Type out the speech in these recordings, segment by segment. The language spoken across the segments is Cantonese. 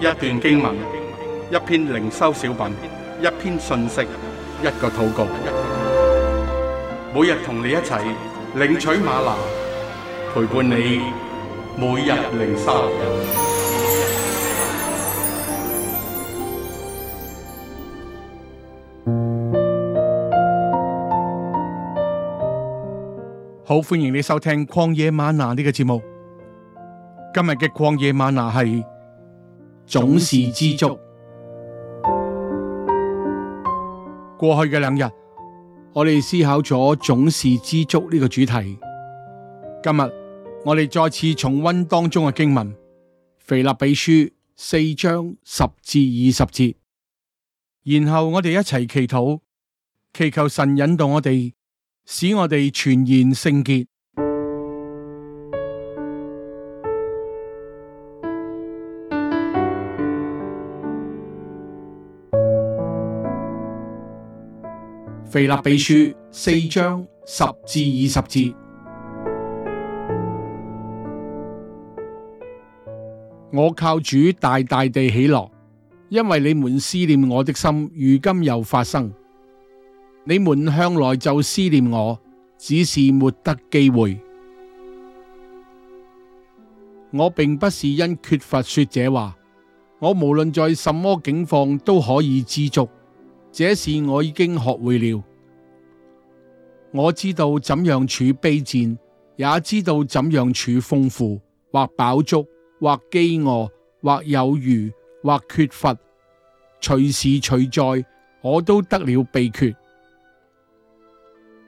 一段經文，一篇靈修小品，一篇信息，一個禱告。每日同你一齊領取嗎哪，陪伴你每日靈修。好，歡迎你收聽曠野嗎哪呢個節目。今日嘅曠野嗎哪係。總是知足。過去嘅兩日，我哋思考咗總是知足呢個主題。今日我哋再次重溫當中嘅經文《腓立比書》四章十至二十節，然後我哋一齊祈禱，祈求神引導我哋，使我哋全然聖潔。腓立比書四章十至二十節，我靠主大大地喜樂，因為你們思念我的心，如今又發生。你們向來就思念我，只是沒得機會。我並不是因缺乏說這話，我無論在什麼境況都可以知足。.這事我已經學會了，我知道怎樣處卑賤，也知道怎樣處豐富，或飽足，或飢餓，或有餘，或缺乏，隨時隨在，我都得了秘訣。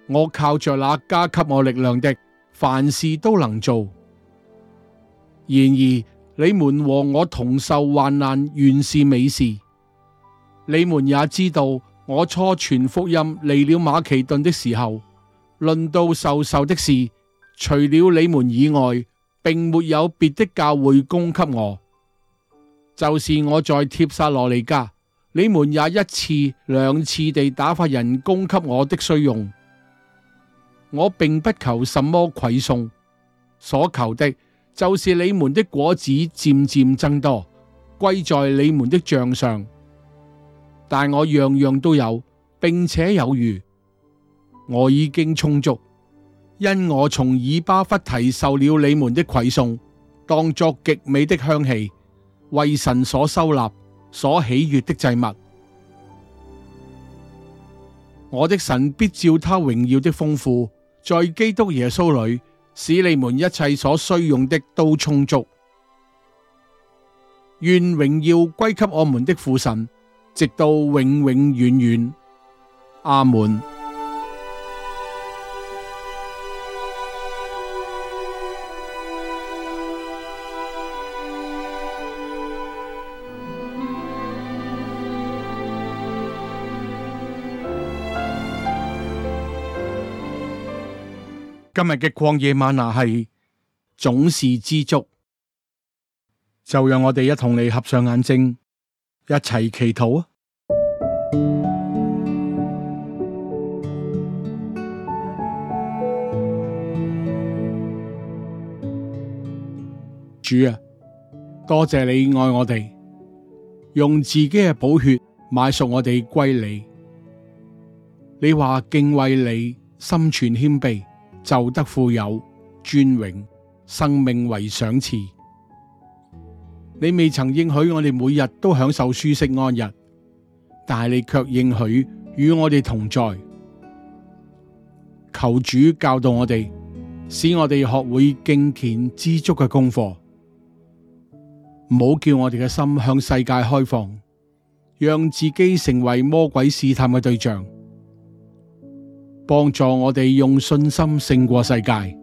我靠着那加給我力量的，凡事都能做。然而你們和我同受患難，原是美事。你們也知道，我初傳福音離了馬其頓的時候，論到授受的事，除了你們以外，並沒有別的教會供給我。就是我在帖撒羅尼迦，你們也一次兩次地打發人供給我的需用。我並不求什麼饋送，所求的，就是你們的果子漸漸增多，歸在你們的賬上。但我樣樣都有，並且有餘，我已經充足，因我從以巴弗提受了你們的饋送，當作極美的香氣，為神所收納，所喜悅的祭物。我的神必照他榮耀的豐富，在基督耶穌裏，使你們一切所需用的都充足。願榮耀歸給我們的父神。直到永永遠遠，阿門。今日嘅曠野嗎哪係總是知足，就讓我哋一同嚟合上眼睛。一齊祈禱啊！主啊，多謝你愛我哋，用自己嘅寶血買贖我哋歸你。你話敬畏你，心存謙卑，就得富有尊榮，生命為賞賜。你未曾應許我哋每日都享受舒適安逸，但係你卻應許與我哋同在。求主教導我哋，使我哋學會敬虔知足嘅功課，唔好叫我哋嘅心向世界開放，讓自己成為魔鬼試探嘅對象。幫助我哋用信心勝過世界，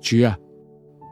主啊。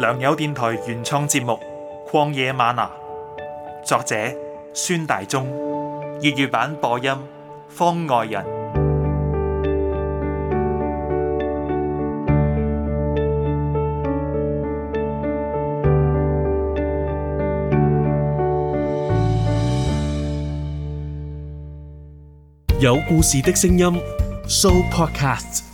良友電台原創節目《曠野嗎哪》，作者孫大中，粵語版播音方外人，有故事的聲音，Show Podcast。